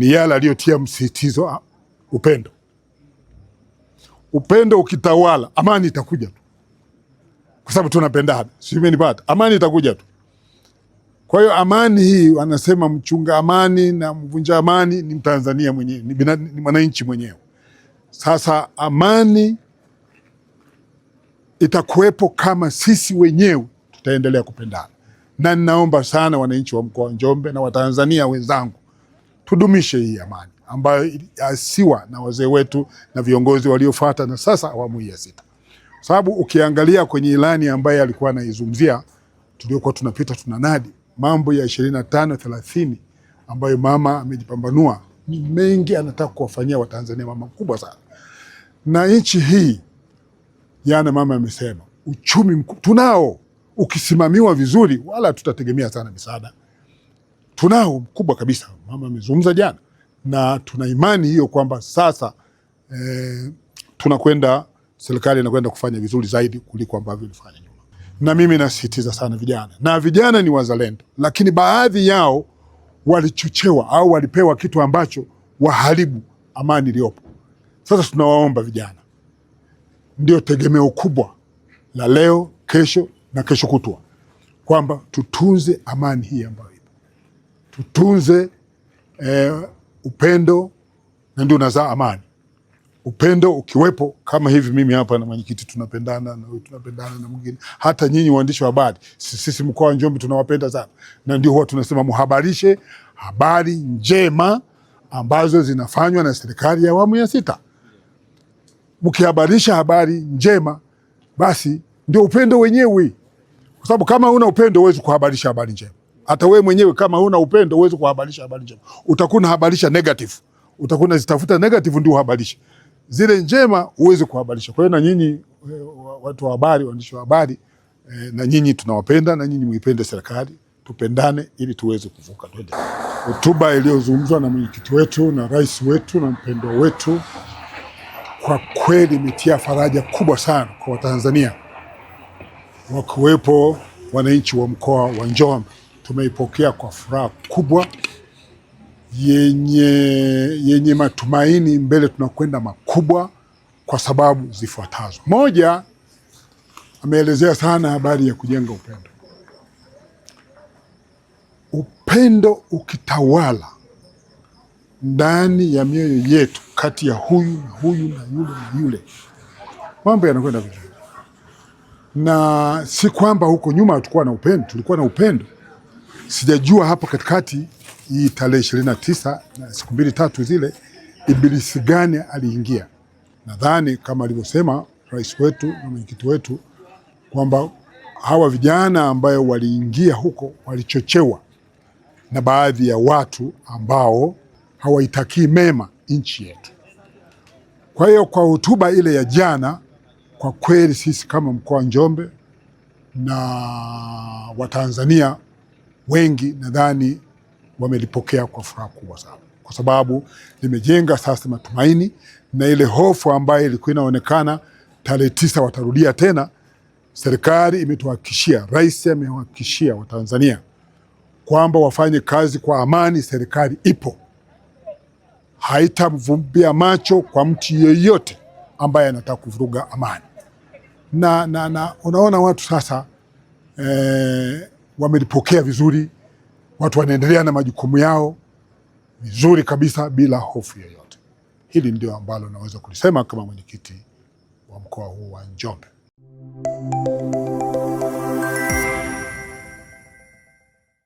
ni yale aliyotia msisitizo ah, upendo. Upendo ukitawala, amani itakuja tu, kwa sababu tunapendana. Simenipata? Amani itakuja tu. Kwa hiyo amani hii, wanasema mchunga amani na mvunja amani ni Mtanzania mwenyewe, ni mwananchi mwenyewe. Sasa amani itakuwepo kama sisi wenyewe tutaendelea kupendana, na ninaomba sana wananchi wa mkoa wa Njombe na Watanzania wenzangu tudumishe hii amani ambayo asiwa na wazee wetu na viongozi waliofuata na sasa awamu hii ya sita, sababu ukiangalia kwenye ilani ambayo alikuwa anaizungumzia tuliokuwa tunapita tunanadi mambo ya ishirini na tano thelathini ambayo mama amejipambanua ni mengi, anataka kuwafanyia Watanzania mama mkubwa sana na nchi hii. Jana mama amesema uchumi mkubwa tunao, ukisimamiwa vizuri, wala tutategemea sana misaada tunao mkubwa kabisa. Mama amezungumza jana na tuna imani hiyo kwamba sasa e, tunakwenda serikali inakwenda kufanya vizuri zaidi kuliko ambavyo ilifanya nyuma. Na mimi nasisitiza sana vijana, na vijana ni wazalendo, lakini baadhi yao walichochewa au walipewa kitu ambacho waharibu amani iliyopo sasa. Tunawaomba vijana, ndio tegemeo kubwa la leo, kesho na kesho kutwa, kwamba tutunze amani hii ambayo tutunze eh, upendo na ndio unazaa amani. Upendo ukiwepo kama hivi, mimi hapa na mwenyekiti tunapendana na tunapendana na mwingine, hata nyinyi waandishi wa habari, sisi mkoa wa Njombe tunawapenda sana, na ndio huwa tunasema muhabarishe habari njema ambazo zinafanywa na serikali ya awamu ya sita. Mkihabarisha habari njema, basi ndio upendo wenyewe, kwa sababu kama una upendo huwezi kuhabarisha habari njema. Hata wewe mwenyewe kama una upendo uweze kuhabarisha habari njema, utakuwa unahabarisha negative, utakuwa unazitafuta negative ndio uhabarisha zile njema uweze kuhabarisha. Kwa hiyo na nyinyi eh, watu wa habari, waandishi wa habari e, na nyinyi tunawapenda, na nyinyi muipende serikali, tupendane ili tuweze kuvuka. Twende hotuba iliyozungumzwa na mwenyekiti wetu na rais wetu na mpendwa wetu, kwa kweli imetia faraja kubwa sana kwa Watanzania, wakiwepo wananchi wa mkoa wa Njombe tumeipokea kwa furaha kubwa yenye, yenye matumaini mbele tunakwenda makubwa kwa sababu zifuatazo. Moja, ameelezea sana habari ya kujenga upendo. Upendo ukitawala ndani ya mioyo yetu, kati ya huyu na huyu na yule na yule, mambo yanakwenda vizuri, na si kwamba huko nyuma hatukuwa na upendo, tulikuwa na upendo sijajua hapo katikati hii tarehe ishirini na tisa na siku mbili tatu zile, ibilisi gani aliingia. Nadhani kama alivyosema rais wetu na mwenyekiti wetu kwamba hawa vijana ambayo waliingia huko walichochewa na baadhi ya watu ambao hawaitakii mema nchi yetu. Kwa hiyo kwa hotuba ile ya jana, kwa kweli sisi kama mkoa wa Njombe na Watanzania wengi nadhani wamelipokea kwa furaha kubwa sana, kwa sababu limejenga sasa matumaini na ile hofu ambayo ilikuwa inaonekana tarehe tisa watarudia tena. Serikali imetuhakikishia, rais amewahakikishia Watanzania kwamba wafanye kazi kwa amani. Serikali ipo, haitavumbia macho kwa mtu yeyote ambaye anataka kuvuruga amani na, na, na unaona watu sasa eh, wamelipokea vizuri, watu wanaendelea na majukumu yao vizuri kabisa bila hofu yoyote. Hili ndio ambalo naweza kulisema kama mwenyekiti wa mkoa huu wa Njombe.